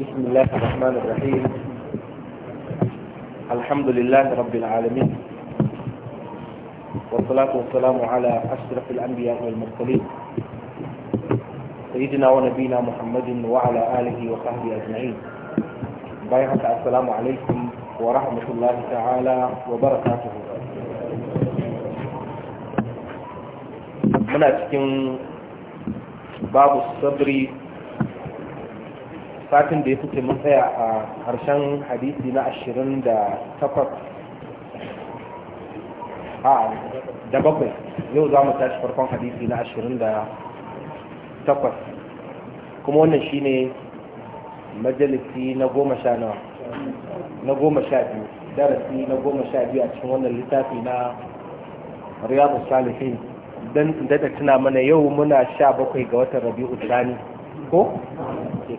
بسم الله الرحمن الرحيم الحمد لله رب العالمين والصلاة والسلام على أشرف الأنبياء والمرسلين سيدنا ونبينا محمد وعلى آله وصحبه أجمعين بايعة السلام عليكم ورحمة الله تعالى وبركاته muna cikin باب sabri satin da ya fice mun tsaya a harshen hadisi na ashirin da takwas a da bakwai yau za mu tashi farkon hadisi na ashirin da takwas kuma wannan shine majalisi na goma sha nawa na goma sha biyu darasi na goma sha biyu a cikin wannan littafi na riyadu salihin don da tuna mana yau muna sha bakwai ga watan rabi'u tsani ko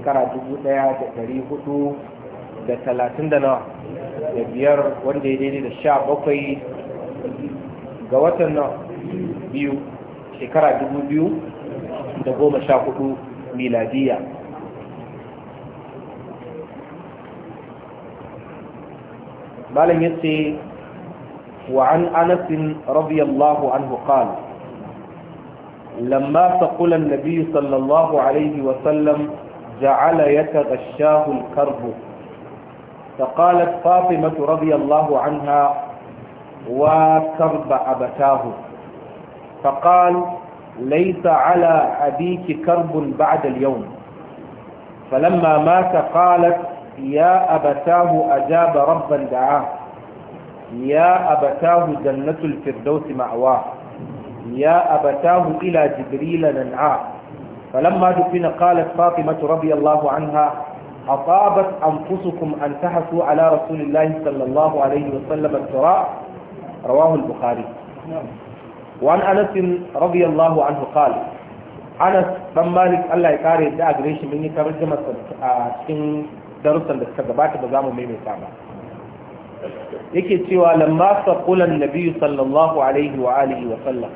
shekara dubu ɗaya da dari hudu da talatin da nawa da biyar wanda ya daidai da sha bakwai ga watan na biyu shekara dubu biyu da goma sha hudu miladiya malam ya ce وعن أنس رضي الله عنه قال لما تقول النبي صلى الله عليه وسلم جعل يتغشاه الكرب فقالت فاطمة رضي الله عنها وكرب أبتاه فقال ليس على أبيك كرب بعد اليوم فلما مات قالت يا أبتاه أجاب ربا دعاه يا أبتاه جنة الفردوس معواه يا أبتاه إلى جبريل ننعاه فلما دفن قالت فاطمة رضي الله عنها أطابت أنفسكم أن تحثوا على رسول الله صلى الله عليه وسلم التراء رواه البخاري وعن أنس رضي الله عنه قال أنس بن مالك الله يكاري دا أجريش مني ترجمة cikin darussan da suka gabata ba za mu maimaita ba yake cewa lamma saqulan nabiyyu sallallahu alaihi wa alihi wa sallam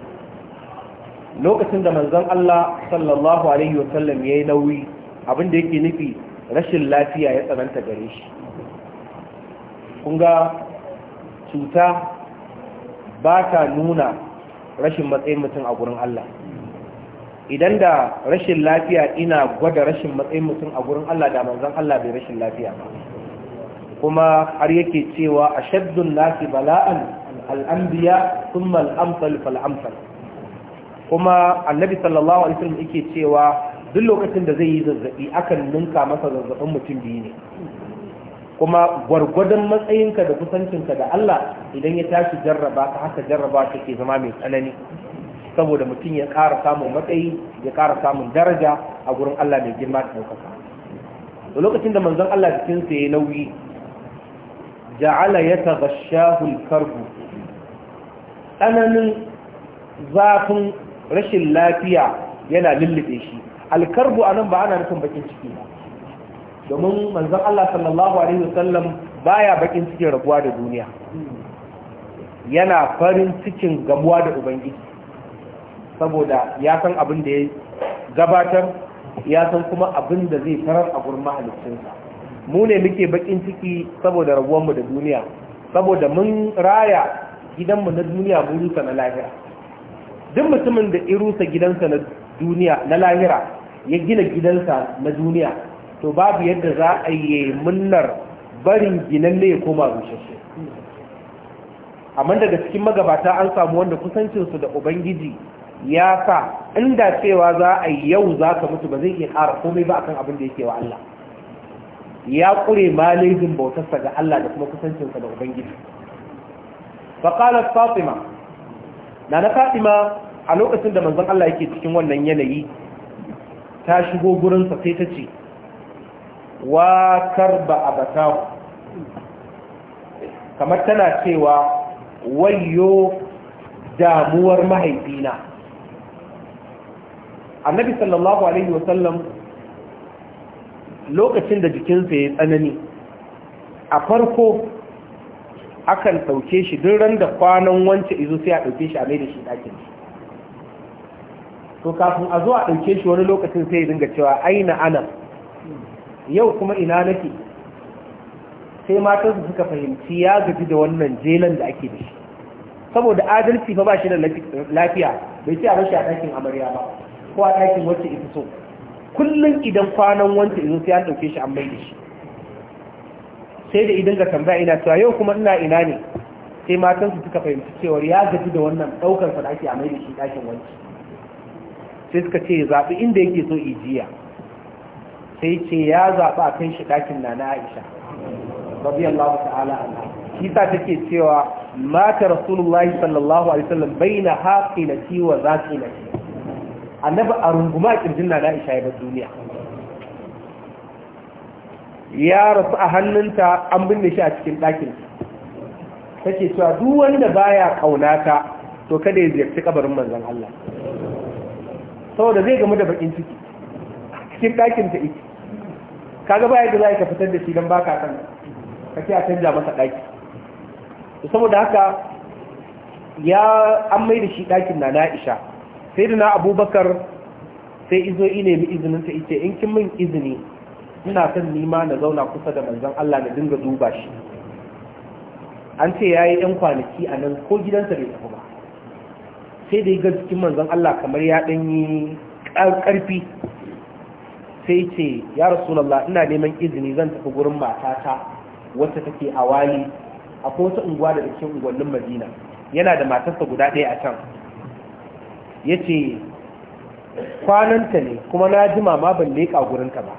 lokacin da manzon Allah sallallahu alaihi wasallam yayi nauyi abin da yake nufi rashin lafiya ya tsananta gare shi Kunga cuta ba ta nuna rashin matsayin mutum a gurin Allah idan da rashin lafiya ina gwada rashin matsayin mutum a gurin Allah da manzon Allah bai rashin lafiya ba kuma har yake cewa ashaddun nasi bala'an al'ambiya thumma al-amsal fal-amsal kuma annabi sallallahu alaihi wasallam yake cewa duk lokacin da zai yi zazzabi akan ninka masa zazzabin mutum biyu ne kuma gwargwadon matsayinka da kusancinka da Allah idan ya tashi jarraba ta haka jarraba take zama mai tsanani saboda mutum ya ƙara samun matsayi ya ƙara samun daraja a gurin Allah mai girma da ɗaukaka da lokacin da manzon Allah jikinsa ya nauyi ja'ala ya taghashahu al-karbu tsananin zafin rashin lafiya yana lullube shi alkarbu anan nan ba ana nufin bakin ciki ba domin manzon Allah sallallahu alaihi wasallam baya bakin cikin rabuwa da duniya yana farin cikin gamuwa da ubangiji saboda ya san abin da ya gabatar ya san kuma abin da zai tarar a gurin mahalicinsa mu ne muke bakin ciki saboda rabuwanmu da duniya saboda mun raya gidanmu na duniya mu rusa na lafiya duk mutumin da irusa gidansa na duniya na lahira ya gina gidansa na duniya to babu yadda za a yi munnar barin ginan ne ya koma rushe amma daga cikin magabata an samu wanda kusancinsu da ubangiji ya sa inda cewa za a yau za ka mutu ba zai iya ƙara komai ba akan abin da yake wa Allah ya ƙure malejin bautarsa ga Allah da kuma kusancinsa da ubangiji faƙalar fatima na na fatima a lokacin da manzon Allah yake cikin wannan yanayi ta shigo gurinsa sai ta ce wa karba abatahu kamar tana cewa wayo damuwar mahaifina annabi sallallahu alaihi wasallam lokacin da jikinsa ya tsanani a farko akan ɗauke shi duk ran da kwanan wance izo sai a ɗauke shi a mai da shi ɗakin shi to kafin a zo a ɗauke shi wani lokacin sai ya dinga cewa aina ana yau kuma ina nake sai matansu suka fahimci ya gaji da wannan jelan da ake da shi saboda adalci fa ba shi da lafiya bai ce a rashi a ɗakin amarya ba ko a ɗakin wacce ita so kullum idan kwanan wancan izo sai an ɗauke shi an mai da shi sai da idan ga tambaya ina cewa yau kuma ina ina ne sai matansu suka fahimci cewar ya gaji da wannan ɗaukar sa da ake a mai da shi ɗakin wancan. sai suka ce zaɓi inda yake so ijiya sai ce ya zaɓi a kan shi ɗakin na na aisha rabi Allah ta'ala Allah shi ta take cewa mata rasulullahi sallallahu alaihi wasallam na ci wa na annabi a runguma ƙirjin na na aisha ya bar duniya ya rasu a hannunta an binne shi a cikin ɗakin take cewa duk wanda baya ƙaunata, to kada ya ziyarci kabarin manzon Allah saboda zai gamu da bakin ciki cikin ɗakin ta iki kaga bayan da za ka fitar da shi don baka kan ka ce a canja masa ɗaki saboda haka ya an mai da shi ɗakin na na'isha sai da na abubakar sai izo ine mi izinin ta ita in kin min izini ina son nima na zauna kusa da manzon Allah na dinga duba shi an ce yi ɗan kwanaki a nan ko gidansa bai tafi ba sai da ya ga jikin manzon Allah kamar ya ɗanyi ƙarfi sai ce ya rasu rasulallah ina neman izini zan tafi gurin matata wacce take a wali akwai wata unguwa da cikin unguwannin madina yana da matarsa guda ɗaya a can ya ce kwananta ne kuma na jima ma ban leƙa gurinta ba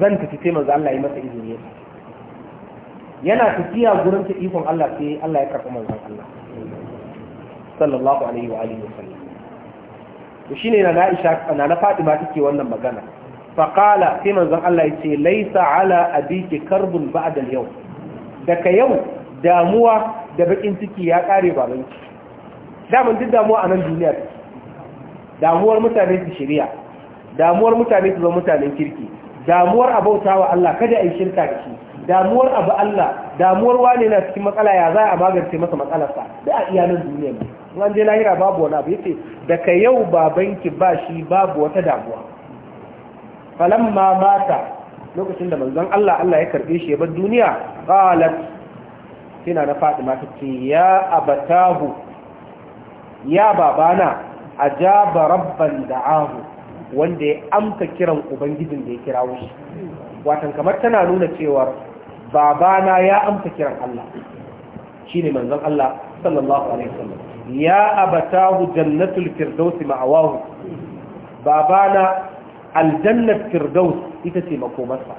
zan tafi sai manzo Allah ya masa izini yana tafiya gurinta ikon Allah sai Allah ya karɓi manzan Allah sallallahu alaihi wa alihi wasallam to shine na Aisha na na Fatima take wannan magana fa qala sai manzon Allah yace laisa ala abiki karbun ba'da al-yawm daga yau damuwa da bakin ciki ya kare babanki mun duk damuwa a nan duniya damuwar mutane su shirya damuwar mutane su zama mutanen kirki damuwar abautawa Allah kada ai shirka da shi damuwar abu Allah damuwar wane na cikin matsala ya za a magance masa matsalarsa da a nan duniya ne an je lahira babu wani abu yace daga yau babanki ba shi babu wata damuwa falamma mata lokacin da manzon Allah Allah ya karbe shi ya bar duniya qalat kina na Fatima ce. ya abatahu ya babana ajaba rabban da'ahu wanda ya amsa kiran ubangijin da ya kirawo shi watan kamar tana nuna cewa. babana ya amsa kiran Allah shi ne manzan Allah sallallahu alaihi wasallam ya abatahu jannatul Firdausi ma'awahu babana aljannat Firdausi ita ce makomarsa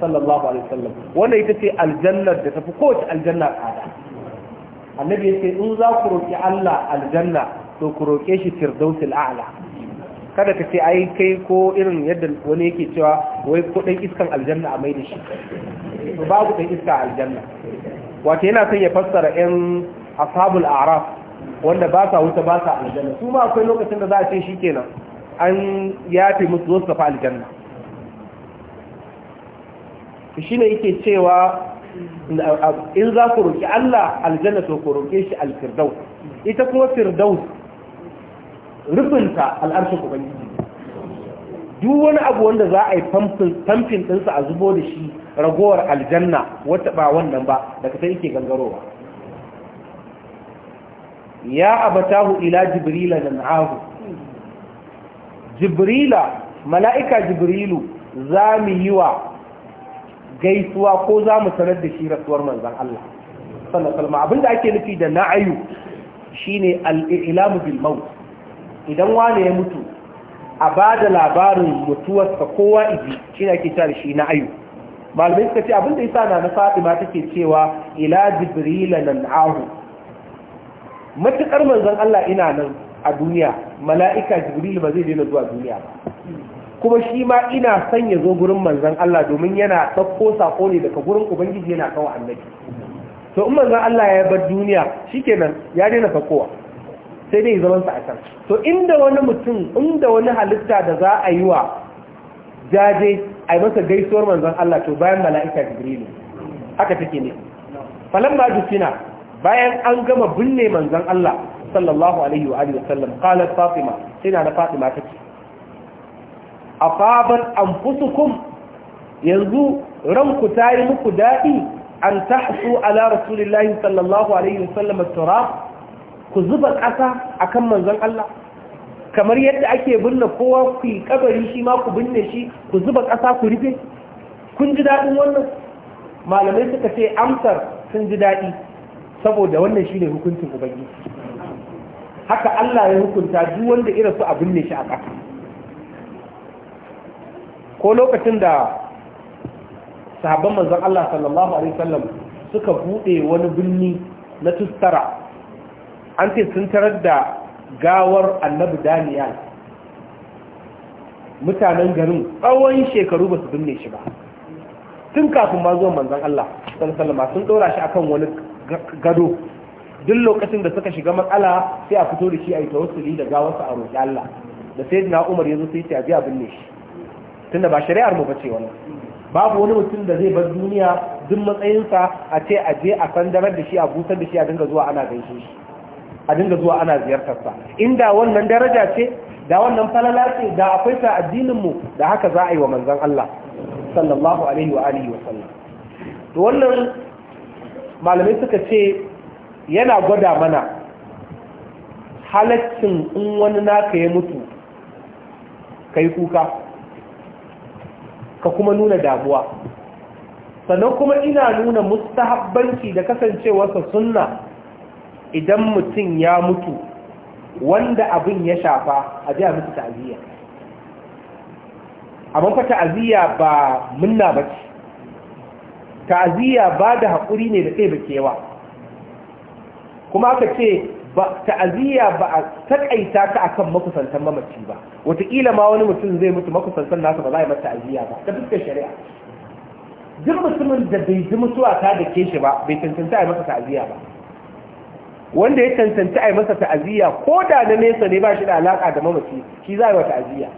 sallallahu alaihi wasallam wannan ita ce aljannar da tafi kowace aljanna tsada annabi yace in za ku roki Allah aljanna to ku roƙe shi Firdausi a'la kada ka ce ai kai ko irin yadda wani yake cewa wai kudin iskan aljanna a mai da shi babu kudin iska a aljanna wato yana son ya fassara yan ashabul araf wanda ba sa wuta ba sa aljanna su ma akwai lokacin da za a ce shi kenan an yafe musu zo su tafi aljanna shi ne yake cewa in za ku roƙi Allah aljanna to ku roƙe shi alfirdaus ita kuma firdaus rufinta al'arshin ubangiji duk wani abu wanda za a yi famfin ɗinsa a zubo da shi ragowar aljanna wata ba wannan ba daga sai yake gangarowa ya abatahu ila jibrila da na'ahu jibrila mala'ika jibrilu za mu yi wa gaisuwa ko za mu sanar da shi rasuwar manzan Allah sallallahu abin da abinda ake nufi da na'ayu shine al-i'lamu idan wane ya mutu a ba da labarin mutuwarsa kowa iji shi ne ake cari shi na ayu malamai suka ce abinda isa na na fatima take cewa ila jibrila nan ahu matuƙar manzon Allah ina nan a duniya mala'ika jibril ba zai daina zuwa duniya ba kuma shi ma ina son ya zo gurin manzon Allah domin yana ɗauko sako ne daga gurin ubangiji yana kawo annabi to in manzon Allah ya bar duniya shikenan ya daina sakowa sai dai zamansa a can to inda wani mutum inda wani halitta da za a yi wa jaje a yi masa gaisuwar manzon Allah to bayan mala'ika jibrilu haka take ne falan ba jufina bayan an gama binne manzon Allah sallallahu alaihi wa alihi wasallam qalat fatima ina da fatima take afabat anfusukum yanzu ranku tayi muku dadi an tahsu ala rasulillahi sallallahu alaihi wasallam turab ku zuba ƙasa a kan manzan Allah kamar yadda ake binne kowa ku yi ƙabari shi ma ku binne shi ku zuba ƙasa ku rufe kun ji daɗin wannan malamai suka ce amsar sun ji daɗi saboda wannan shi ne hukuncin ubangi haka Allah ya hukunta duk wanda irin su a binne shi a ƙasa ko lokacin da sahabban manzan Allah sallallahu alaihi wasallam suka buɗe wani birni na tustara an ce sun tarar da gawar annabi daniyal mutanen garin tsawon shekaru ba su binne shi ba tun kafin ma zuwan manzan Allah sallama sun ɗora shi akan wani gado duk lokacin da suka shiga matsala sai a fito da shi a yi tawassuli da gawarsa a roƙi Allah da sai na Umar yanzu sai ta a binne shi tunda ba shari'ar mu bace wannan babu wani mutum da zai bar duniya duk matsayinsa a ce a je a sandarar da shi a busar da shi a dinga zuwa ana gaishe shi a dinga zuwa ana ziyartarsa inda wannan daraja ce da wannan falala ce da akwai sa addininmu da haka za a yi wa manzan Allah sallallahu alaihi wa alihi wa sallam to wannan malamai suka ce yana gwada mana halaccin in wani naka ya mutu kai kuka ka kuma nuna damuwa sannan kuma ina nuna mustahabbanci da kasancewarsa sunna idan mutum ya mutu wanda abin ya shafa a ji a mutu ta'aziyya amma fa ta'aziyya ba munna ba ce ta'aziyya ba da haƙuri ne da tsaye ba kewa kuma aka ce ta'aziyya ba a taƙaita ta kan makusantan mamaci ba wataƙila ma wani mutum zai mutu makusantan nasa ba za a yi mata ta'aziyya ba ta fuskar shari'a duk mutumin da bai ji mutuwa ta da ke shi ba bai cancanta a yi masa ta'aziyya ba wanda ya cancanci a yi masa ta'aziyya ko da na nesa ne ba shi da alaƙa da mamaci shi za a yi wa ta'aziyya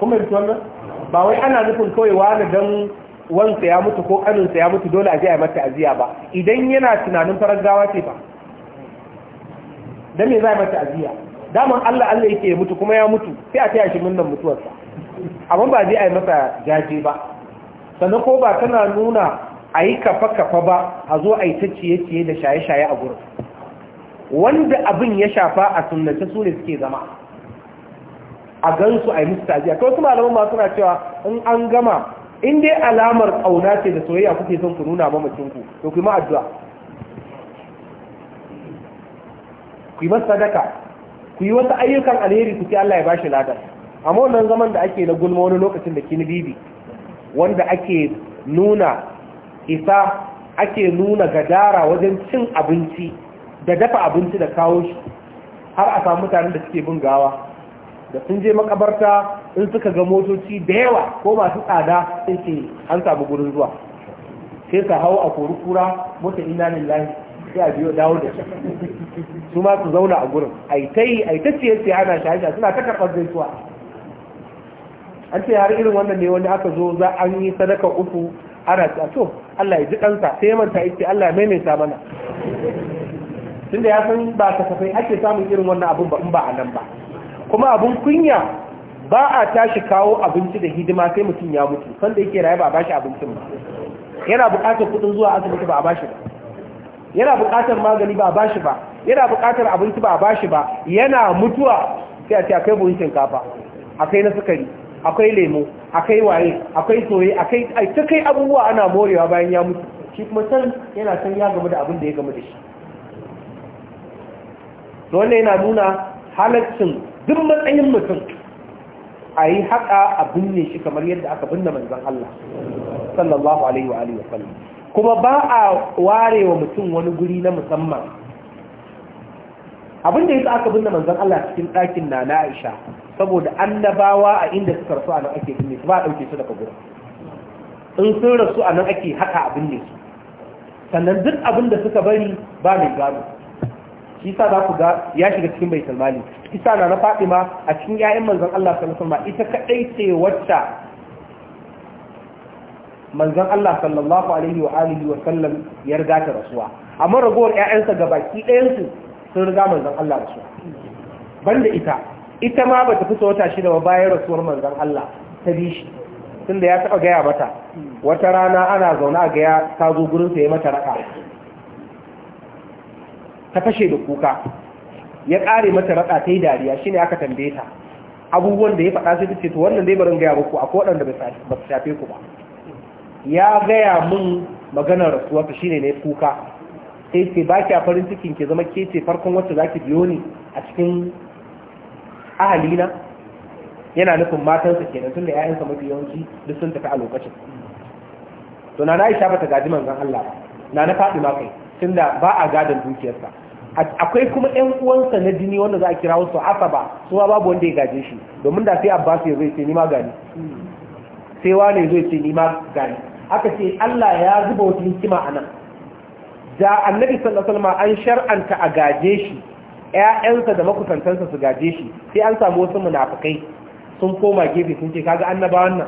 kuma yi wannan ba wai ana nufin kawai wani don wansa ya mutu ko ƙaninsa ya mutu dole a je a yi mata ta'aziyya ba idan yana tunanin farar gawa ce ba don me za a yi mata ta'aziyya daman Allah Allah yake ya mutu kuma ya mutu sai a taya shi murnar mutuwarsa amma ba zai a yi masa jaje ba sannan ko ba tana nuna a yi kafa-kafa ba a zo a yi ta ciye-ciye da shaye-shaye a gurin wanda abin ya shafa a sunnace su ne suke zama a gansu a yi musu kawai su malaman ma suna cewa in an gama in dai alamar ƙauna ce da soyayya kuke son ku nuna mamacinku to ku yi ma'addu'a ku yi masu sadaka ku yi wasu ayyukan alheri ku ce Allah ya bashi ladar amma wannan zaman da ake na gulma wani lokacin da kini bibi wanda ake nuna isa ake nuna gadara wajen cin abinci da dafa abinci da kawo shi har a samu mutanen da suke bin gawa da sun je makabarta in suka ga motoci da yawa ko masu tsada sun ke an samu gurin zuwa sai ka hau a kurukura kura mota ina ne lai sai a biyo dawo da su ma su zauna a gurin aitai aitacce yace ana shahisha suna ta karɓar gaisuwa an ce har irin wannan ne wani aka zo za an yi sadaka uku ana ta to Allah ya ji kansa sai ya manta yace Allah ya maimaita mana tunda ya san ba kasafai ake samun irin wannan abun ba in ba a nan ba kuma abun kunya ba a tashi kawo abinci da hidima sai mutum ya mutu sanda yake raye ba a bashi abincin ba yana buƙatar kuɗin zuwa asibiti ba a bashi ba yana buƙatar magani ba a bashi ba yana buƙatar abinci ba a bashi ba yana mutuwa sai a ce akai buhun shinkafa akai na sukari akwai lemo akwai waye akwai soye akwai ai kai abubuwa ana morewa bayan ya mutu shi kuma san yana san ya gamu da abin da ya gamu da shi wannan yana nuna halaccin duk matsayin mutum a yi haƙa a binne shi kamar yadda aka binne manzon Allah sallallahu alaihi wa alihi wasallam kuma ba a ware wa mutum wani guri na musamman abin da yasa aka binne manzon Allah cikin ɗakin na na Aisha saboda annabawa a inda suka rasu a nan ake binne su ba a ɗauke su daga kabura in sun rasu a nan ake haka a binne su sannan duk abin da suka bari ba mai gado shi sa za ku ga ya shiga cikin bai salmani isa na na ma a cikin ya'yan manzan Allah sallallahu alaihi ita kadai ce wacce manzan Allah sallallahu alaihi wa alihi wa sallam ya riga ta rasuwa amma ragowar ƴaƴansa gabaki ɗayan su sun riga manzan Allah rasuwa banda ita ita ma ba ta fito wata shida ba bayan rasuwar manzon Allah ta bi shi tunda ya taɓa gaya mata wata rana ana zaune a gaya ta zo gurin sa ya mata raka ta fashe da kuka ya ƙare mata raka ta yi dariya shi ne aka tambaye ta abubuwan da ya faɗa sai ta ce to wannan dai barin gaya muku akwai waɗanda ba su shafe ku ba ya gaya mun maganar rasuwa ta shi ne kuka sai ce ba ki a farin cikin ki zama ke ce farkon wacce za ki biyo ni a cikin ahalina yana nufin matansa kenan tunda ƴaƴansa mafi yawanci duk sun tafi a lokacin to na na Aisha bata gaji manzon Allah ba na na Fatima kai tunda ba a gadon dukiyarsa akwai kuma ƴan uwansa na jini wanda za a kira wasu asaba su ba babu wanda ya gaje shi domin da sai Abbas ya zo ce ni ma gani sai wane zo ce ni ma gani aka ce Allah ya zuba wata hikima a nan da annabi sallallahu alaihi wasallam an shar'anta a gaje shi ƴaƴansa da makusantansa su gaje shi sai an samu wasu munafikai sun koma gefe sun ce kaga annaba wannan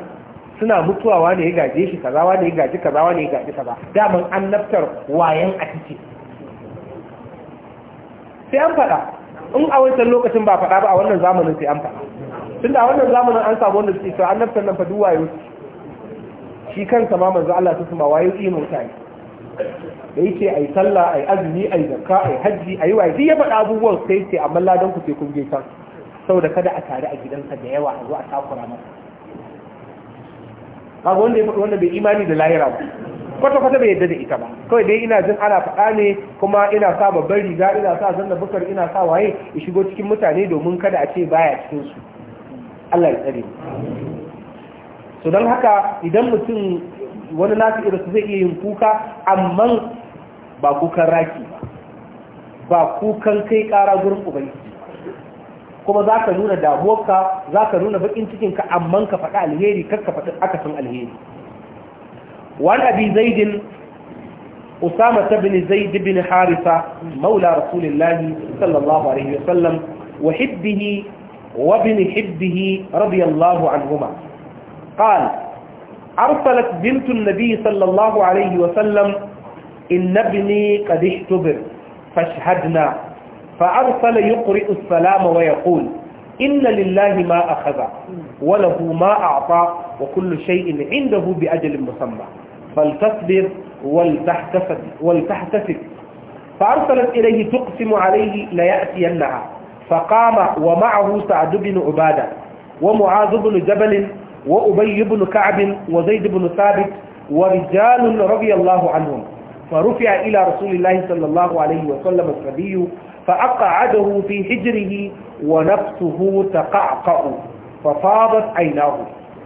suna mutuwa wani ya gaje shi kaza wani ya gaji kaza wani ya gaji kaza daman annabtar wayan a cike sai an faɗa in a wancan lokacin ba faɗa ba a wannan zamanin sai an faɗa tun da a wannan zamanin an samu wanda suke cewa annabtar nan faɗi wayo shi kansa ma manzo Allah su suma wayo ɗi mutane da yake ai sallah ai azumi ai zakka ai hajji ai wai ya faɗa abubuwan sai yace amma ladan ku sai kun je can saboda kada a tare a gidansa da yawa a zo a takura masa kaga wanda ya faɗi wanda bai imani da lahira ba kwata kwata bai yadda da ita ba kawai dai ina jin ana faɗa ne kuma ina sa babban riga ina sa zanna bukar ina sa waye ya shigo cikin mutane domin kada a ce baya cikin su Allah ya tsare so don haka idan mutum wani nasu irin su zai iya yin kuka amma ba kukan raki ba kukan kai ƙara gurin ubangiji kuma za ka nuna damuwarka za ka nuna baƙin cikinka amman ka faɗi alheri kar ka faɗi akasin alheri wani abin zaidin usama ta bin zaid bin harisa maula rasulillahi sallallahu alaihi wasallam wa hibbihi wa bin hibbihi radiyallahu anhuma قال أرسلت بنت النبي صلى الله عليه وسلم إن ابني قد اختبر فاشهدنا فأرسل يقرئ السلام ويقول إن لله ما أخذ وله ما أعطى وكل شيء عنده بأجل مسمى فلتصبر ولتحتسب ولتحتسب فأرسلت إليه تقسم عليه ليأتينها فقام ومعه سعد بن عبادة ومعاذ بن جبل وأبي بن كعب وزيد بن ثابت ورجال رضي الله عنهم فرفع إلى رسول الله صلى الله عليه وسلم الصبي فأقعده في حجره ونفسه تقعقع ففاضت عيناه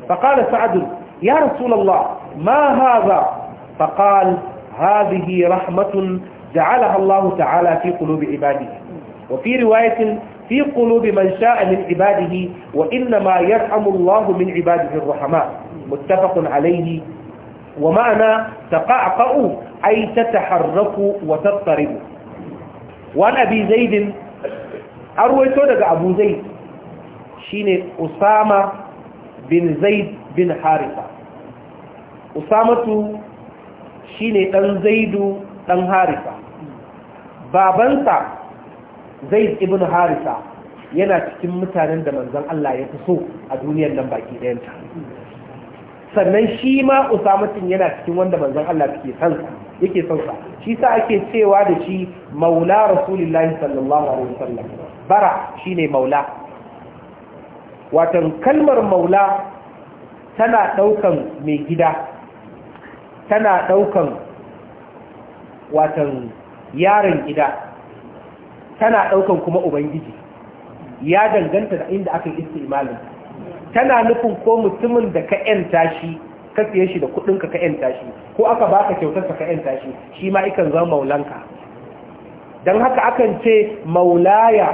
فقال سعد يا رسول الله ما هذا فقال هذه رحمة جعلها الله تعالى في قلوب عباده وفي رواية في قلوب من شاء من عباده وإنما يرحم الله من عباده الرحماء متفق عليه ومعنى تقعقع أي تتحرك وتضطرب وعن أبي زيد أرويته لك أبو زيد شين أسامة بن زيد بن حارثة أسامة شين أن زيد أن حارثة بابنسا زيد ابن حارثة yana cikin mutanen da manzon Allah ya fi so a duniyar nan baki ɗayanta sannan shi ma usamatin yana cikin wanda manzon Allah yake san yake son sa shi sa ake cewa da shi maula rasulullahi sallallahu alaihi wasallam bara shine maula watan kalmar maula tana daukan mai gida tana daukan watan yaron gida tana daukan kuma ubangiji ya danganta da inda aka yi istimalin tana nufin ko mutumin da ka ‘yanta shi ka siye shi da kuɗinka ka ‘yanta shi ko aka baka kyautarsa ka ‘yanta shi shi ma ikan zama maulanka don haka akan ce maulaya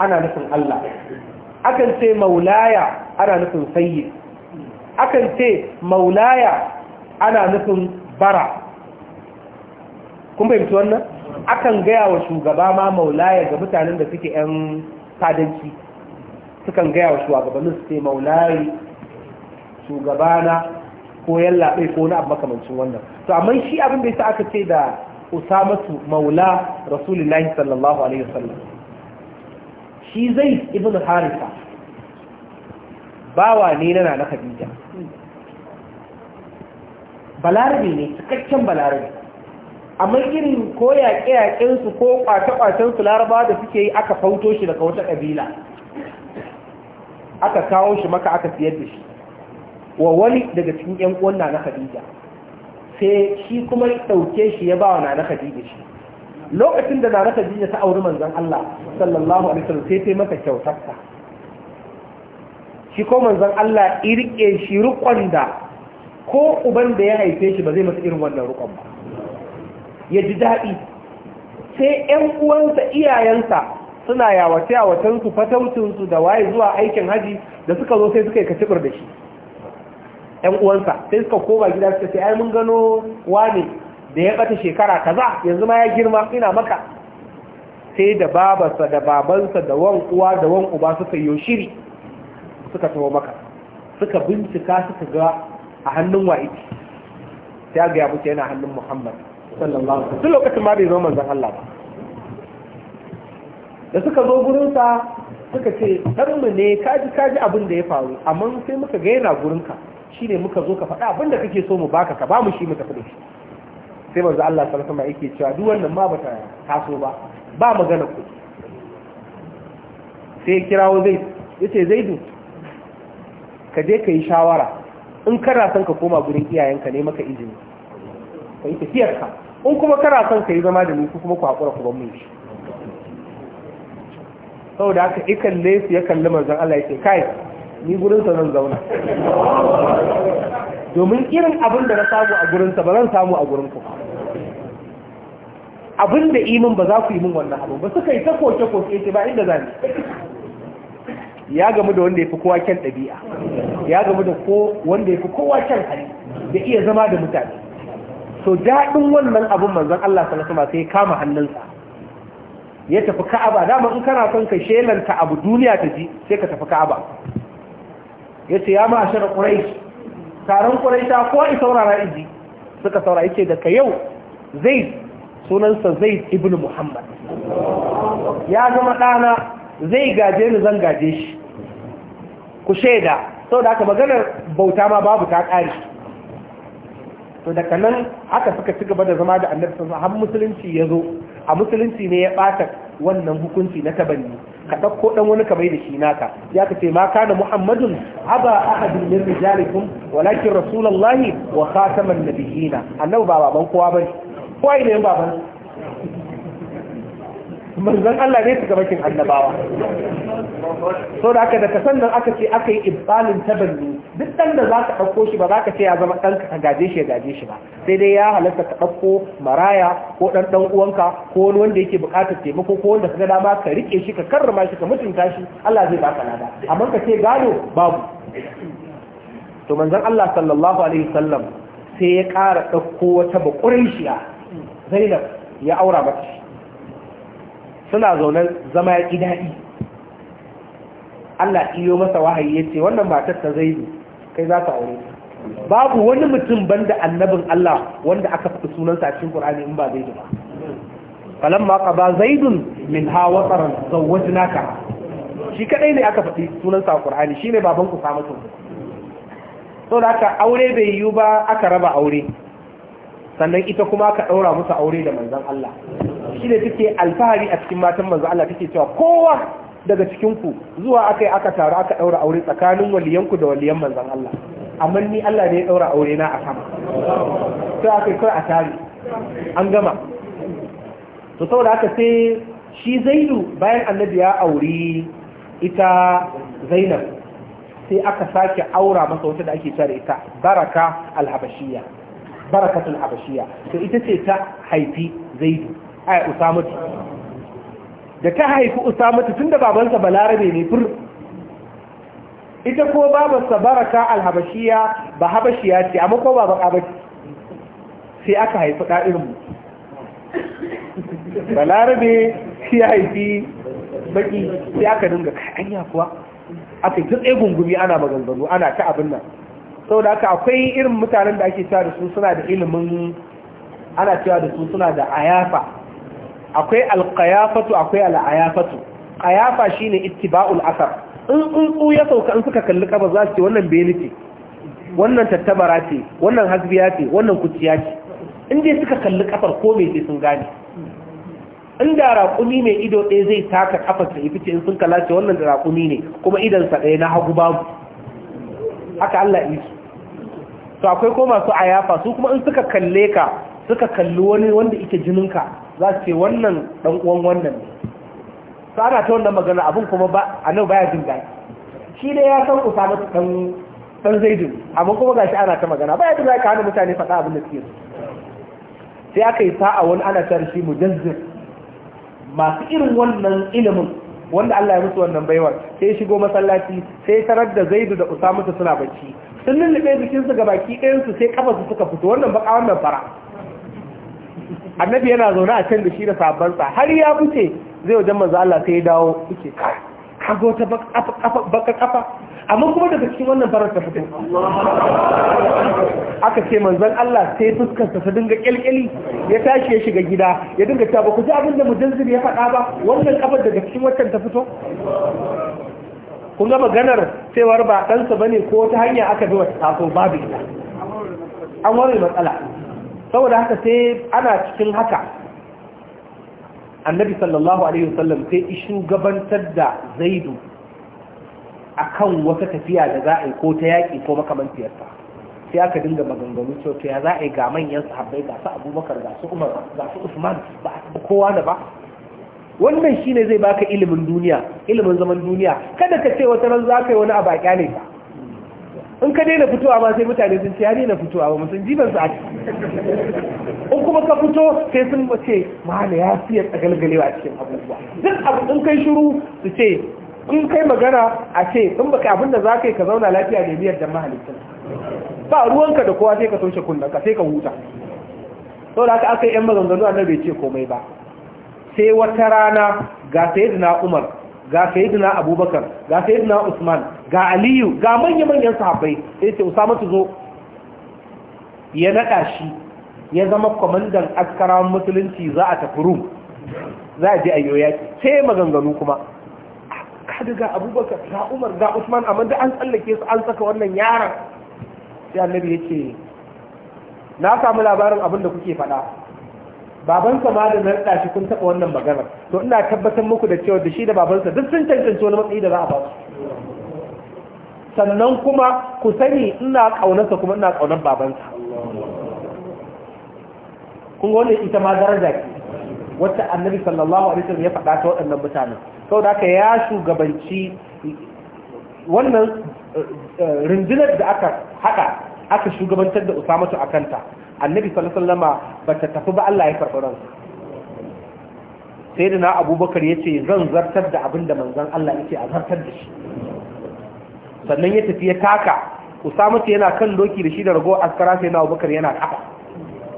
ana nufin Allah akan ce maulaya ana nufin sayyid akan ce maulaya ana nufin bara kun fahimci wannan akan gaya wa shugaba ma maulaya ga mutanen da suke 'yan fadanci sukan gaya wa shugabannin su sai maulayi shugabana ko yallaɓe ko na abu makamancin wannan to amma shi abin da sa aka ce da usamatu maula rasulullahi sallallahu alaihi wasallam shi zai ibn harisa bawa ne na na khadija balarabe ne cikakken balarabe amma irin ko yaƙe-yaƙensu ko ƙwace-ƙwacensu larabawa da suke yi aka fauto shi daga wata ƙabila aka kawo shi maka aka siyar da shi wa wani daga cikin yan uwan na na khadija sai shi kuma ya ɗauke shi ya ba wa na khadija shi lokacin da na khadija ta auri manzon Allah sallallahu alaihi wasallam sai ta yi masa ta shi ko manzon Allah rike shi rukon da ko uban da ya haife shi ba zai masa irin wannan rukun ba ya ji daɗi sai 'yan uwansa iyayensa suna yawace yawacen su fataucin su da waye zuwa aikin haji da suka zo sai suka yi kacibir da shi ƴan uwansa sai suka koma gida suka ce ai mun gano wane da ya ɓata shekara kaza yanzu ma ya girma ina maka sai da babarsa da babansa da wan uwa da wan uba suka yi shiri suka tawo maka suka bincika suka ga a hannun wa'iki. sai ga ya mutu yana hannun Muhammad sallallahu alaihi wasallam lokacin ma bai zo manzon Allah ba da suka zo gurinsa suka ce ɗanmu ne kaji kaji abin da ya faru amma sai muka ga gurinka shi ne muka zo ka faɗa abin da kake so mu baka ka ba mu shi mu tafi da shi sai manzo Allah sallallahu alaihi yake cewa duk wannan ma bata taso ba ba magana ku sai kirawo zai yace zaidu ka je ka yi shawara in kana son ka koma gurin iyayenka ne maka izini ka yi tafiyarka in kuma kana son ka yi zama da ni kuma ku haƙura ku ban mun shi saboda haka ikan lesu ya kalli manzon Allah ya ce kai ni gurinsa zan zauna domin irin abin da na samu a gurinsa ba zan samu a gurinku abin da imin ba za ku yi min wannan abu ba suka yi ta koke koke ce ba inda za ni ya gamu da wanda ya fi kowa kyan ɗabi'a ya gamu da ko wanda ya fi kowa kyan hali da iya zama da mutane so daɗin wannan abin manzon Allah sallallahu alaihi wasallam sai kama hannunsa ya tafi ka'aba dama in kana son ka shelanta abu duniya ta ji sai ka tafi ka'aba ya ce ya ma'ashar ƙuraish taron ƙuraisha ko in saurara iji suka saura ya ce daga yau zai sunansa Zaid ibn muhammad ya zama ɗana zai gaje ni zan gaje shi ku shaida sau da aka maganar bauta ma babu ta ƙari to daga nan aka suka ci gaba da zama da annabta har musulunci ya zo a musulunci ne ya ɓata wannan hukunci na tabanni ka ɗauko ɗan wani ka mai da shi naka ya ka ce ma kana muhammadun aba ahadin min rijalikum walakin rasulullahi wa khataman nabiyina annabi ba baban kowa bane kowa ne baban manzon Allah ne shugabancin annabawa so da aka da kasan aka ce aka yi ibbalin tabanni duk dan da za ka ɗauko shi ba za ka ce ya zama ɗanka ka gaje shi ya gaje shi ba sai dai ya halatta ka ɗauko maraya ko ɗan ɗan uwanka ko wani wanda yake buƙatar taimako ko wanda ga dama ka riƙe shi ka karrama shi ka mutunta shi Allah zai baka lada amma ka ce gado babu to manzon Allah sallallahu alaihi wasallam sai ya ƙara ɗauko wata baƙurin shiya Zainab ya aura mata suna zaune zama ya daɗi Allah iyo masa wahayi ya ce wannan matar ta zai kai za ta aure babu wani mutum banda annabin Allah wanda aka fi sunansa a cikin Qur'ani in ba zai ba falamma qada zaidun min ha wataran zawwajnaka shi kadai ne aka faɗi sunansa a Qur'ani shine baban ku samu to so da aka aure bai yiwu ba aka raba aure sannan ita kuma aka ɗaura musu aure da manzon Allah ne take alfahari a cikin matan manzo Allah take cewa kowa daga cikin ku zuwa akai aka taru aka daura aure tsakanin waliyanku da waliyan manzon Allah amma ni Allah ne ya daura aure na a sama sai aka kai a tare an gama to saboda haka sai shi Zaidu bayan Annabi ya aure ita Zainab sai aka sake aura masa wata da ake tare ita Baraka al-Habashiyya barakatul habashiyya to ita ce ta haifi Zaidu a usamatu da ta haifi usamatu tun da babansa balarabe ne fur ita ko babansa baraka alhabashiya ba habashiya ce amma ko ba baka sai aka haifi ɗa'irinmu balarabe shi ya haifi baki sai aka dinga anya kuwa aka yi tsaye gungumi ana maganganu ana ta abin nan sau da aka akwai irin mutanen da ake cewa da su suna da ilimin ana cewa da su suna da ayafa akwai alƙayafatu akwai al'ayafatu ƙayafa shine ittiba'ul asar in tsuntsu ya sauka in suka kalli kaba za su ce wannan beni ce wannan tattabara ce wannan hasbiya ce wannan kuciya ce in dai suka kalli ƙafar, ko mai sai sun gane in da raƙumi mai ido ɗaya zai taka ƙafar ta fice in sun kalla ce wannan da raƙumi ne kuma sa ɗaya na hagu babu haka Allah yi su to akwai ko masu ayafa su kuma in suka kalle ka suka kalli wani wanda ike jininka za su ce wannan dan uwan wannan ne su ana ta wannan magana abin kuma ba a nan baya jin daɗi shi ne ya san ku samu ɗan dan zaidu amma kuma gashi ana ta magana baya jin daɗi ka hana mutane faɗa abin da suke sai aka yi sa'a wani ana tar mu mujazzir masu irin wannan ilimin wanda Allah ya musu wannan baiwar sai shigo masallaci sai tarar da zaidu da usamu suna bacci sun lullube jikinsu ga baki ɗayansu sai su suka fito wannan baka wannan fara annabi yana zaune a can da shi da sabansa har ya fice zai wajen manzo Allah sai ya dawo yake ka zo ta baka kafa amma kuma daga cikin wannan farar ta fito aka ce manzon Allah sai fuskar ta dinga kelkeli ya tashi ya shiga gida ya dinga ta ba ku ji abin da mujazzir ya faɗa ba wannan kafar daga cikin watan ta fito kun ga maganar cewar ba ɗansa bane ko ta hanya aka bi wata taso babu ita an ware matsala saboda haka sai ana cikin haka annabi sallallahu alaihi wasallam sai ishu gabantar da zaidu akan wata tafiya da za a yi ko ta yaƙi ko makamantiyarta sai aka dinga maganganu cewa ya za a yi ga manyan sahabbai ga su abubakar ga su umar ga su usman ba a kowa da ba wannan shine zai baka ilimin duniya ilimin zaman duniya kada ka ce wata ran za ka yi wani a a kyale ba. in ka daina fitowa ma sai mutane sun ce ya daina fitowa ba musun jiban su a ciki. in kuma ka fito sai sun ce mana ya fiye tsagalgalewa a cikin abubuwa duk abu in kai shuru su ce in kai magana a ce in baka abin da za ka yi ka zauna lafiya da miyar da mahalicin ba ruwanka da kowa sai ka toshe kunnen ka sai ka huta sau da aka aka yi yan maganganu bai ce komai ba sai wata rana ga sayyidina umar ga sayyidina abubakar ga sayyidina usman ga aliyu ga manya-manyan sahabbai sai ce usama tu zo ya nada shi ya zama kwamandan askarawan musulunci za a tafi rum za a je a yoya sai maganganu kuma kada ga abubakar ga umar ga usman amma da an tsallake su an saka wannan yaran sai annabi ya ce na samu labarin abin da kuke faɗa babansa ma da narka shi kun taɓa wannan magana. to ina tabbatar muku da cewa da shi da babansa duk sun cancanci wani matsayi da za a ba su sannan kuma ku sani ina ƙaunarsa kuma ina ƙaunar babansa kun ga ita ma daraja ce wacce annabi sallallahu alaihi wasallam ya faɗa ta waɗannan mutanen saboda haka ya shugabanci wannan eh, eh, rundunar da aka haɗa aka shugabantar da usamatu a kanta annabi sallallahu alaihi ba ta tafi ba Allah ya karɓi ransa sai da na abubakar ya ce zan zartar da abin da manzan Allah ya ce a zartar da shi sannan ya tafi ya taka usamatu yana kan doki da shi da rago askara sai na abubakar yana kafa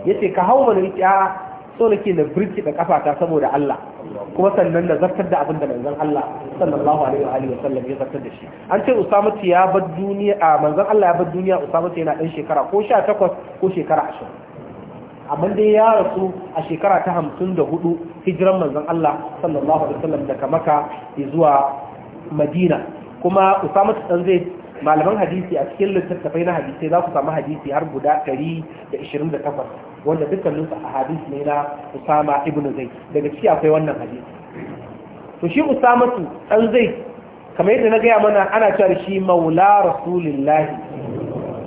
ya ce ka hau mana ya so nake na da kafata saboda Allah kuma sannan na zartar da abin da manzon Allah sallallahu alaihi wa alihi wasallam ya zartar da shi an ce Usama ya bar duniya a manzon Allah ya bar duniya Usama yana dan shekara ko 18 ko shekara 20 amma dai ya rasu a shekara ta 54 hijiran manzon Allah sallallahu alaihi wasallam daga Makka zuwa Madina kuma Usama dan zai malaman hadisi a cikin littattafai na hadisi za ku samu hadisi har guda 128 wanda dukkanin su hadis ne na Usama ibn Zaid daga ciki akwai wannan hadis to shi Usama su dan Zaid kamar yadda na gaya mana ana cewa shi maula rasulillahi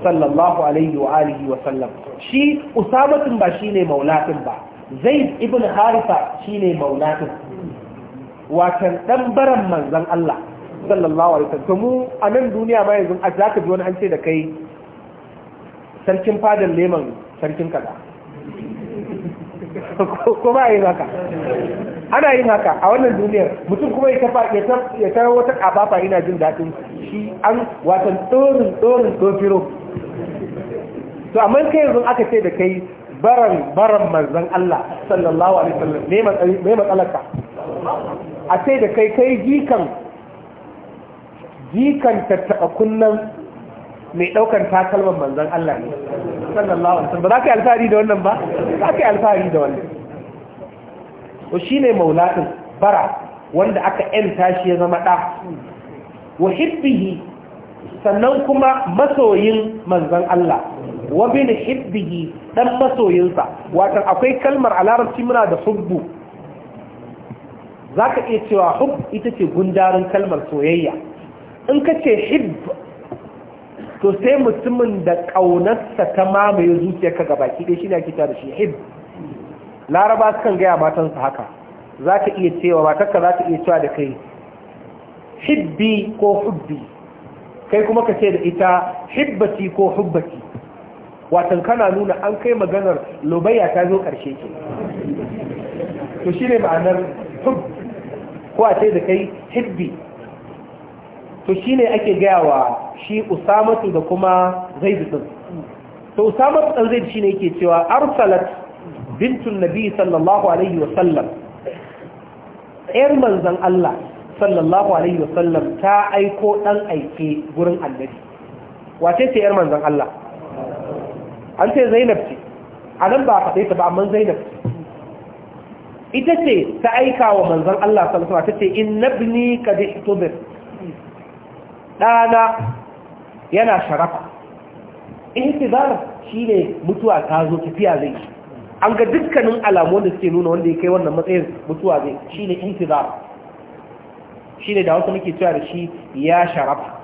sallallahu alaihi wa alihi wa sallam shi Usama tun ba shine maula tun ba Zaid ibn Harifa shine maula tun watan dan baran manzon Allah sallallahu alaihi sallam, mu a nan duniya ma yanzu a zaka ji wani an ce da kai sarkin fadar leman sarkin kaza ko ba yin haka ana yin haka a wannan duniyar mutum kuma ya tafa ya ta wata abafa ina jin daɗin shi an watan tsorin tsorin tsofiro to amma kai yanzu aka ce da kai baran baran manzon Allah sallallahu alaihi wasallam me matsalarka a ce da kai kai jikan jikan tattaɓa kunnan mai ɗaukar takalman manzon Allah ne sallallahu alaihi wasallam ba za ka yi alfahari da wannan ba za ka yi alfahari da wannan to shine maulatin bara wanda aka yanta shi ya zama ɗa wa hibbihi sannan kuma masoyin manzon Allah wa bin hibbihi dan masoyinsa wato akwai kalmar a larabci muna da hubbu za ka iya cewa hub ita ce gundarin kalmar soyayya in ka ce hib to sai mutumin da ƙaunarsa ta mamaye zuciyarka ga baki ɗaya shine ake ta da shi hib laraba sukan gaya matansa haka za ka iya cewa matarka za ta iya cewa da kai hibbi ko hubbi kai kuma ka ce da ita hibbati ko hubbati watan kana nuna an kai maganar lobayya ta zo ƙarshe ke to shi ne ma'anar hub ko a ce da kai hibbi to shine ake gaya wa shi usamatu da kuma zaidu din to usamatu dan zaidu ne yake cewa arsalat bintun nabi sallallahu alaihi wa sallam ɗayar Manzan Allah sallallahu alaihi wa sallam ta aiko ɗan aike gurin annabi wace ce ɗayar Manzan Allah an ce zainab ce a nan ba a faɗe ta ba amma zainab ita ce ta aika wa Manzan Allah sallallahu alaihi wasallam ta ce innabni qad ihtumir ɗana yana sharafa intizar shi ne mutuwa ta zo tafiya zai an ga dukkanin alamu da suke nuna wanda ya kai wannan matsayin mutuwa zai shi ne intizar shi ne da wasu muke cewa da shi ya sharafa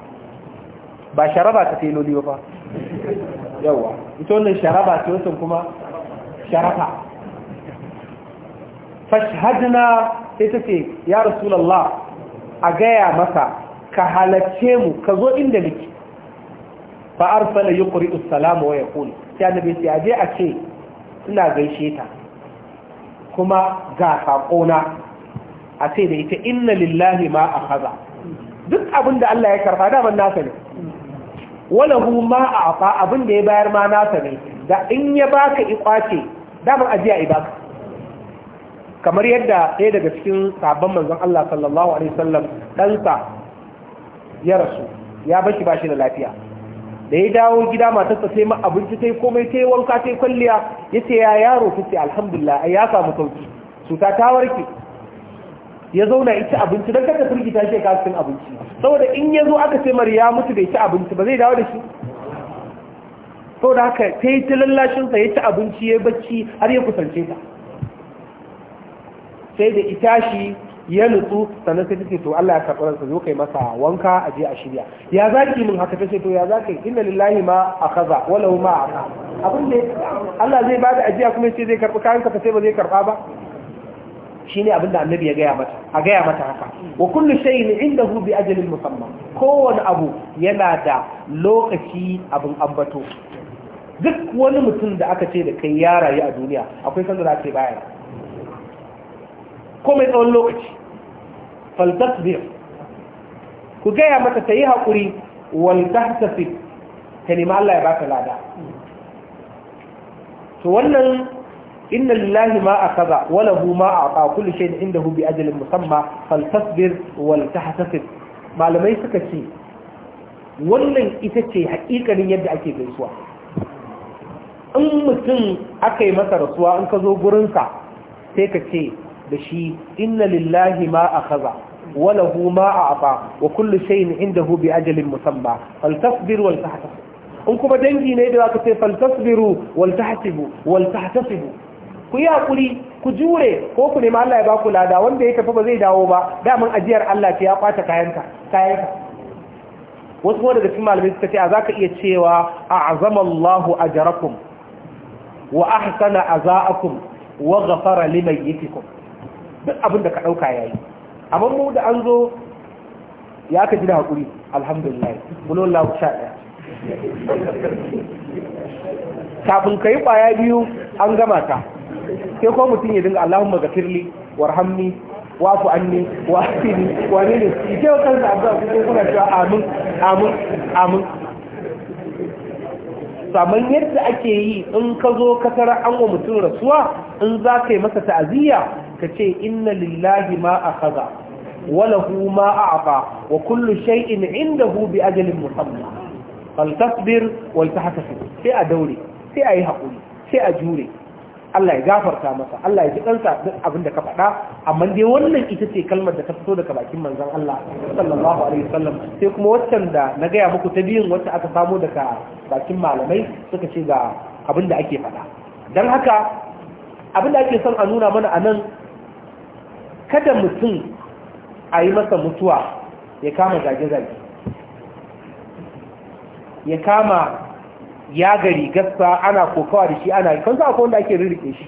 ba sharafa ta loli ba yawa ita wannan sharafa ce wasan kuma sharafa fashhadna sai ta ce ya rasulallah a gaya masa ka halacce mu ka zo inda nake fa arsala yuqri assalamu wa yaqul Ya annabi sai aje a ce ina gaishe ta kuma ga saƙona a ce da ita inna lillahi ma a haza duk abin da Allah ya da ban nasa ne wala hu ma a afa abin da ya bayar ma nasa ne da in ya baka ikwace daman ajiya i baka kamar yadda ɗaya daga cikin sabon manzon Allah sallallahu alaihi wasallam ɗansa ya rasu ya bashi bashi da lafiya da ya dawo gida matarsa sai ma abinci sai komai sai wanka sai kwalliya ya ce ya yaro ta alhamdulillah ai ya samu sauki cuta ta warke ya zauna ya ci abinci don kada firgita shi ka cin abinci saboda in ya zo aka ce mari ya mutu da ci abinci ba zai dawo da shi saboda haka ta yi ta lallashinsa ya ci abinci ya bacci har ya kusance ta sai da ita shi ya nutsu sannan sai take to Allah ya karɓi ransa zo kai masa wanka a je a shirya ya zaki min haka tace to ya zaki inna lillahi ma akhadha wa lahu ma aka abin da Allah zai bada ajiya kuma sai zai karɓi kayan ka sai ba zai karɓa ba shine abin da annabi ya gaya mata a gaya mata haka wa kullu shay'in indahu bi ajalin musamma kowane abu yana da lokaci abin ambato duk wani mutum da aka ce da kai ya rayu a duniya akwai sanda za ce baya komai tsawon lokaci faltasbir ku gaya mata ta yi hakuri wal tahtasib ta nemi Allah ya baka lada to wannan inna lillahi ma akaza wa lahu ma aqa kullu shay'in indahu bi ajalin musamma faltasbir wal malamai suka ce wannan ita ce haƙiƙanin yadda ake gaisuwa in mutum aka yi masa rasuwa in ka zo gurinsa sai ka ce da shi inna lillahi ma a kaza وله ما أعطى وكل شيء عنده بأجل مسمى فلتصبر ولتحتسب أنكم دنجي نيدوا كتير فلتصبروا ولتحسبوا ولتحتسبوا ku yi hakuri ku jure ko ku nemi Allah ya ba ku lada wanda ya tafi ba zai dawo ba daman ajiyar Allah ce ya kwata kayanka kayanka wasu kuma daga cikin malamai suka ce a zaka iya cewa a a'azama Allahu ajrakum wa ahsana azaakum wa ghafara limayyitikum duk abin da ka dauka yayi amma mu da an zo ya aka ji da haƙuri alhamdulillah bulola sha ɗaya kafin ka yi ƙwaya biyu an gama ka sai ko mutum ya dinga allahumma gafirli warhamni wafu anni wafini wani ne ike kansa abuwa kuke kuna cewa amin amin amin saman yadda ake yi in ka zo ka tara an wa mutum rasuwa in za ka yi masa ta'aziyya ka ce inna lillahi ma akhadha wa lahu ma a'ta wa kullu shay'in indahu bi ajalin musamman, fal tasbir wal tahtasib sai a daure sai a yi hakuri sai a jure Allah ya gafarta masa Allah ya ji kansa duk abin da ka faɗa amma dai wannan ita ce kalmar da ta fito daga bakin manzon Allah sallallahu alaihi wasallam sai kuma waccan da na gaya muku ta biyun wacce aka samo daga bakin malamai suka ce ga abin da ake faɗa don haka abin da ake son a nuna mana nan. kada mutum a yi masa mutuwa ya kama zage-zage ya kama ya gari gasa ana kokawa da shi ana yi kan za a ake rirrike shi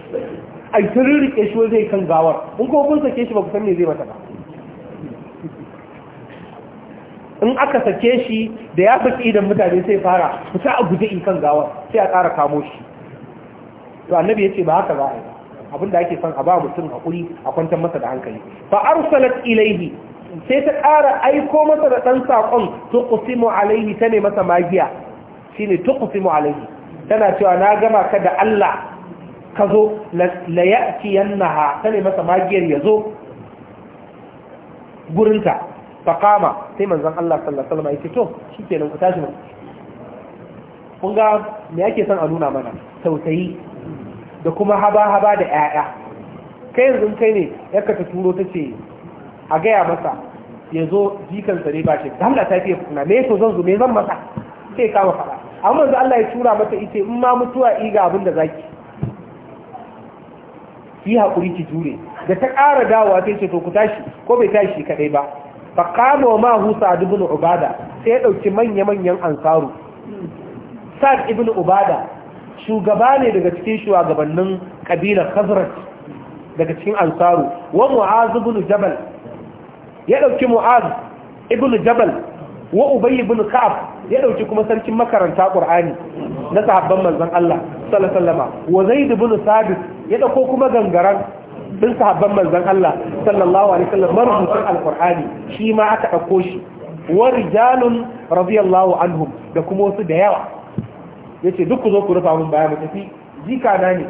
a yi ta rirrike shi zai kan gawar in kuma kun sake shi ba kusan ne zai mata ba in aka sake shi da ya fi idan mutane sai fara kusa a guje in kan gawar sai a ƙara kamo shi to annabi ya ce ba haka za a yi abinda ake son a ba mutum hakuri a kwantar masa da hankali fa arsalat ilaihi sai ta ƙara aiko masa da ɗan saƙon tuqsimu alaihi ta ne masa magiya shine tuqsimu alaihi tana cewa na gama ka da Allah ka zo la ya'tiyannaha ta ne masa magiyar ya zo gurinta faqama sai manzon Allah sallallahu alaihi wasallam ya ce to shikenan ku tashi mun kun ga me ake son a nuna mana tausayi da kuma haba-haba da 'ya'ya kai yanzu kai ne yakka ta turo ta ce a gaya masa ya zo jikansa ne ba shi da hamla ta fiye kuna me so zan zo zan masa sai kama faɗa amma yanzu Allah ya tura mata ita in ma mutuwa iga abin da zaki yi haƙuri ki jure da ta ƙara dawowa sai ce to ku tashi ko bai tashi kaɗai ba fa kama ma mahu sa'ad ibn ubada sai ya ɗauki manya-manyan ansaru sa'ad ibn ubada shugaba ne daga cikin shugabannin kabilar khazraj daga cikin ansaru wa mu'az ibn jabal ya dauki mu'az ibn jabal wa ubay ibn ka'ab ya dauki kuma sarkin makaranta qur'ani na sahabban manzon Allah sallallahu alaihi wasallam wa zaid ibn sabit ya dauko kuma gangaran din sahabban manzon Allah sallallahu alaihi wasallam marhutun alqur'ani shi ma aka dauko shi wa rijalun radiyallahu anhum da kuma wasu da yawa yace duk ku zo ku rufa mun baya mu tafi jika na ne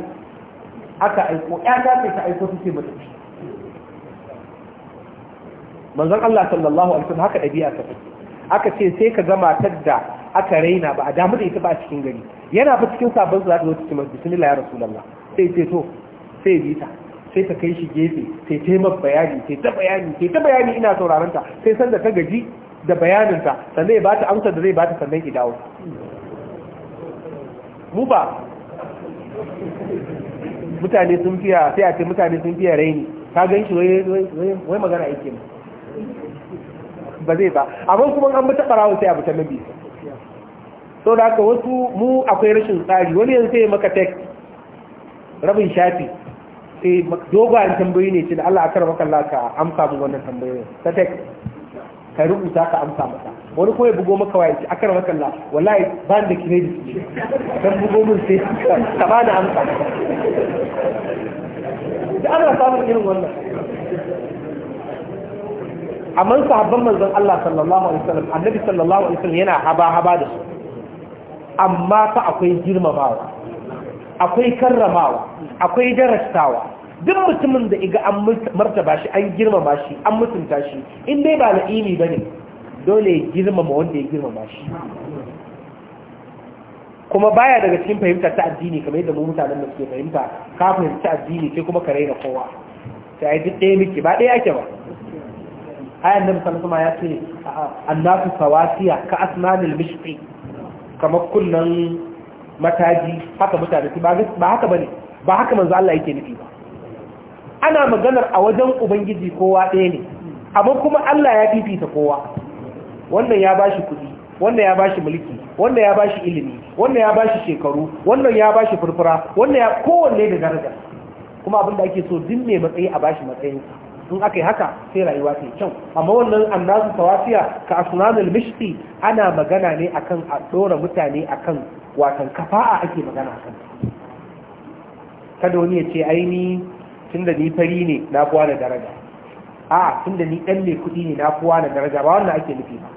aka aiko ta ce ta aiko take mu tafi manzon Allah sallallahu alaihi wasallam haka dabi'a ta tafi. aka ce sai ka gama matar da aka raina ba a damu da ita ba a cikin gari yana fa cikin sabon zuwa zo cikin masjid bismillah ya rasulullah sai ce to sai bi ta sai ta kai shi gefe sai ta yi bayani sai ta bayani sai ta bayani ina sauraron ta sai sanda ta gaji da bayaninta sannan ya bata amsar da zai bata sannan ki dawo mu ba mutane sun fiya sai a ce mutane sun fiya raini ka gan shi wai magana yake ne ba zai ba amma kuma an bi ta ɓarawo sai a ta mabi sau da haka wasu mu akwai rashin tsari wani yanzu sai maka tek rabin shafi sai dogon tambayi ne ce da Allah a karɓar kallaka amsa mu wannan tambayoyin ta tek ka rubuta ka amsa masa wani ko ya bugo maka waye ce akar maka la wallahi ba da credit dan bugo mun sai ka ba da amsa da ana samun irin wannan amma sahabban manzon Allah sallallahu alaihi wasallam annabi sallallahu alaihi wasallam yana haba haba da su amma fa akwai girmamawa akwai karramawa akwai darastawa duk mutumin da iga an martaba shi an girmama shi an mutunta shi in dai ba la'imi ba ne dole ya girmama wanda ya girmama shi kuma baya daga cikin fahimta ta addini kamar yadda mu mutanen da suke fahimta ka fahimta addini sai kuma ka raina kowa sai duk ɗaya miki ba ɗaya ake ba ayan nan musamman kuma ya ce annasu sawasiya ka asmanil mishqi kamar kunnan mataji haka mutane ba haka bane ba haka manzo Allah yake nufi ba ana maganar a wajen ubangiji kowa ɗaya ne amma kuma Allah ya fifita kowa wannan ya bashi kuɗi wannan ya bashi mulki wannan ya bashi ilimi wannan ya bashi shekaru wannan ya bashi furfura wannan ya kowanne da daraja kuma abin da ake so duk ne matsayi a bashi matsayin in aka yi haka sai rayuwa ta yi kyau amma wannan annazu tawafiya ka asnanul mishti ana magana ne akan a dora mutane akan watan kafa'a ake magana akan kada wani ya ce aini tun da ni fari ne na kowa da daraja a tun da ni ɗan mai kuɗi ne na kowa da daraja ba wannan ake nufi ba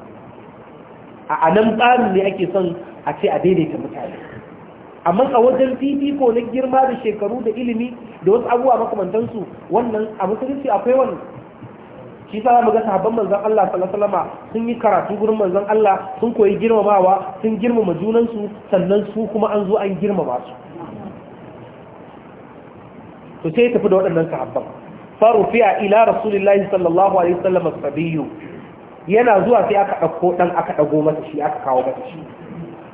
a anan tsarin ne ake son a ce a daidaita mutane amma a wajen fifiko na girma da shekaru da ilimi da wasu abubuwa makamantansu wannan a musulunci akwai wannan shi sa mu ga sahabban manzon Allah sallallahu sun yi karatu gurin manzan Allah sun koyi girmamawa sun girmama junansu sannan su kuma an zo an girmama su to sai ya tafi da waɗannan sahabban faru fiya ila rasulillahi sallallahu alaihi wasallam sabiyu yana zuwa sai aka ɗauko ɗan aka dago masa shi aka kawo masa shi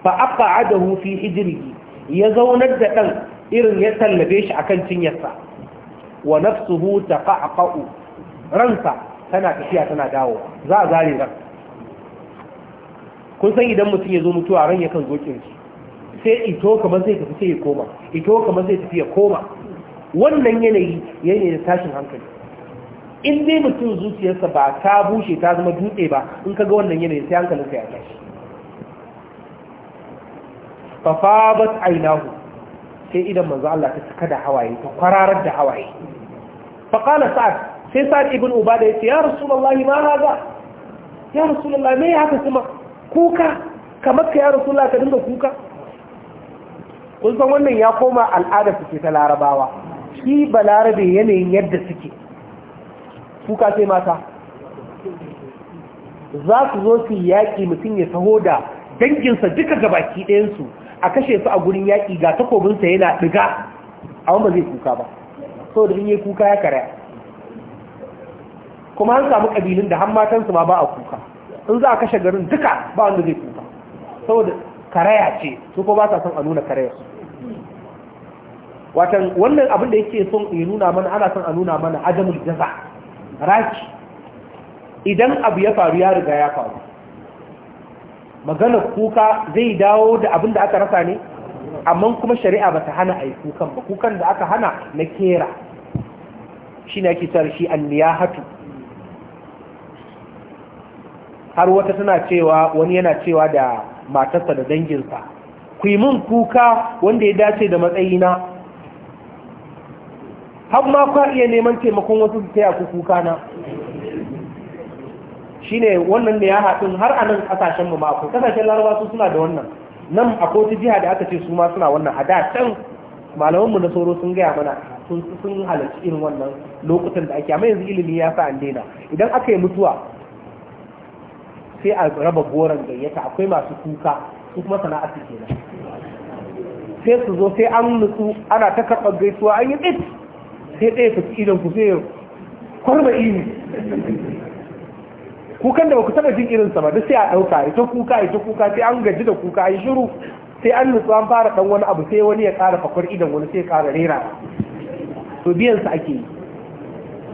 fa aka adahu fi hijrihi ya zaunar da ɗan irin ya tallabe shi akan cinyarsa wa nafsuhu taqaqa'u ransa tana tafiya tana dawo za a zare ran kun san idan mutum ya zo mutuwa ran yakan zo kirki sai ito kamar zai tafi sai ya koma ito kamar zai tafi ya koma wannan yanayi yanayi da tashin hankali in dai mutum zuciyarsa ba ta bushe ta zama dutse ba in kaga wannan yanayi sai hankalin ka ya tashi fafabat ainahu sai idan manzo Allah ta saka da hawaye ta kwararar da hawaye faqala sa'ad sai sa'ad ibn ubada ce, ya rasulullahi ma haza ya rasulullahi me haka kuma kuka kamar ka ya rasulullahi ka dinga kuka kun san wannan ya koma al'adarsu su ce ta larabawa shi balarabe yanayin yadda suke Kuka sai mata za su zo su yaƙi mutum ya taho da danginsa duka gabaki ɗayansu a kashe su a gurin yaƙi ga takobinsa yana ɗiga a wanda zai kuka ba so da in yi kuka ya karaya kuma an samu ƙabilun da han matansu ma ba a kuka in za a kashe garin duka ba wanda zai kuka saboda karaya ce su ko ba sa son a nuna karayarsu watan wannan abin da yake son ya nuna mana ana son a nuna mana adamul jaza raki idan abu ya faru ya riga ya faru maganar kuka zai dawo da abin da aka rasa ne amma kuma shari'a ba ta hana a yi kukan ba kukan da aka hana na kera shi ne ake shi an hatu har wata tana cewa wani yana cewa da matarsa da danginsa ku yi min kuka wanda ya dace da matsayina har ma kwa iya neman taimakon wasu su taya ku kuka na shine wannan ne ya haɗin har a nan ƙasashen mu mako ƙasashen larabawa su suna da wannan nan a kotu jiha da aka ce su ma suna wannan a da can malamanmu na sauro sun gaya mana sun halarci irin wannan lokutan da ake amma yanzu ilimi ya sa an daina idan aka yi mutuwa sai a raba goron gayyata akwai masu kuka su kuma sana'a su kenan sai su zo sai an nutsu ana ta karɓar gaisuwa an yi tsit sai ɗaya ta idon ku sai kwarma ilimi kukan da baku taba taɓa jin irinsa ba da sai a ɗauka ita kuka ita kuka sai an gaji da kuka yi shiru sai an nutsu an fara ɗan wani abu sai wani ya ƙara fakwar idan wani sai ya ƙara rera to biyansa ake yi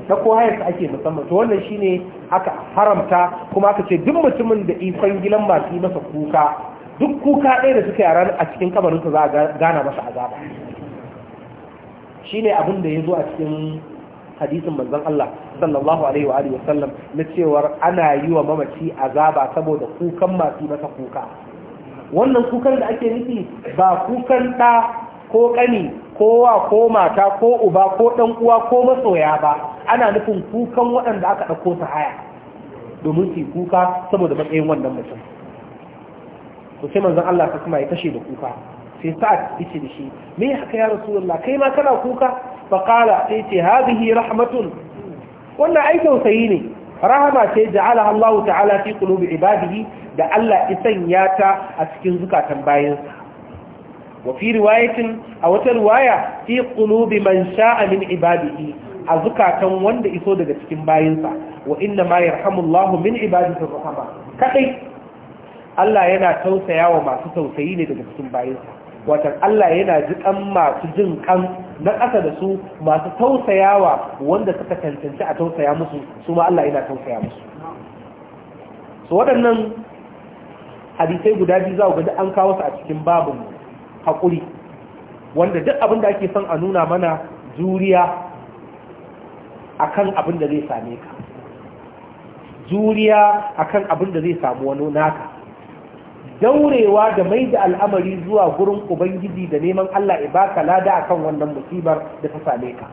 na ko hayarsa ake musamman to wannan shine aka haramta kuma aka ce duk mutumin da ikon gilan masu yi masa kuka duk kuka ɗaya da suka yaran a cikin kamarinsa za a gana masa azaba Shi ne abin da ya zo a cikin hadisin manzan Allah sallallahu alaihi wa sallam. na cewar ana yi wa mamaci azaba saboda kukan masu masa kuka wannan kukan da ake nufi ba kukan ta ko kani wa ko mata ko uba ko dan uwa ko masoya ba ana nufin kukan waɗanda aka ɗauko su haya domin su kuka saboda matsayin wannan mutum to sai manzon Allah ta kuma ya kashe da kuka sai sa'ad yace da shi me haka ya rasulullah kai ma kana kuka fa qala sai ce hadhihi rahmatun wannan ai tausayi ne rahama ce ja'alaha Allah ta'ala fi qulubi ibadihi da Allah sanya ta a cikin zukatan bayansa wa fi riwayatin a wata riwaya fi qulubi man sha'a min ibadihi a zukatan wanda iso daga cikin bayansa wa inna ma yarhamullahu min ibadihi rahama kadai Allah yana tausayawa masu tausayi ne daga cikin bayansa watan Allah yana jiƙan masu jin kan na ƙasa da su masu tausayawa wanda suka tantance a tausaya musu su ma Allah yana tausaya musu su waɗannan hadisai guda biyu za ku gaji an kawo su a cikin babin haƙuri wanda duk abin da ake son a nuna mana juriya a kan abin da zai same ka juriya a kan abin da zai samu wani naka daurewa da mai da al'amari zuwa gurin ubangiji da neman Allah ya baka lada akan wannan musibar da ta same ka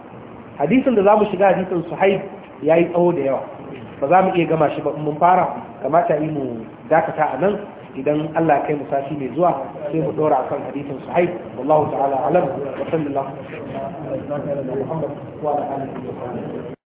hadisin da za mu shiga hadisin suhaib ya yi tsawo da yawa ba za mu iya gama shi ba mun fara kamata yi mu dakata a nan idan Allah kai mu sashi mai zuwa sai mu dora akan hadisin suhaib wallahu ta'ala alam wa sallallahu alaihi wa sallam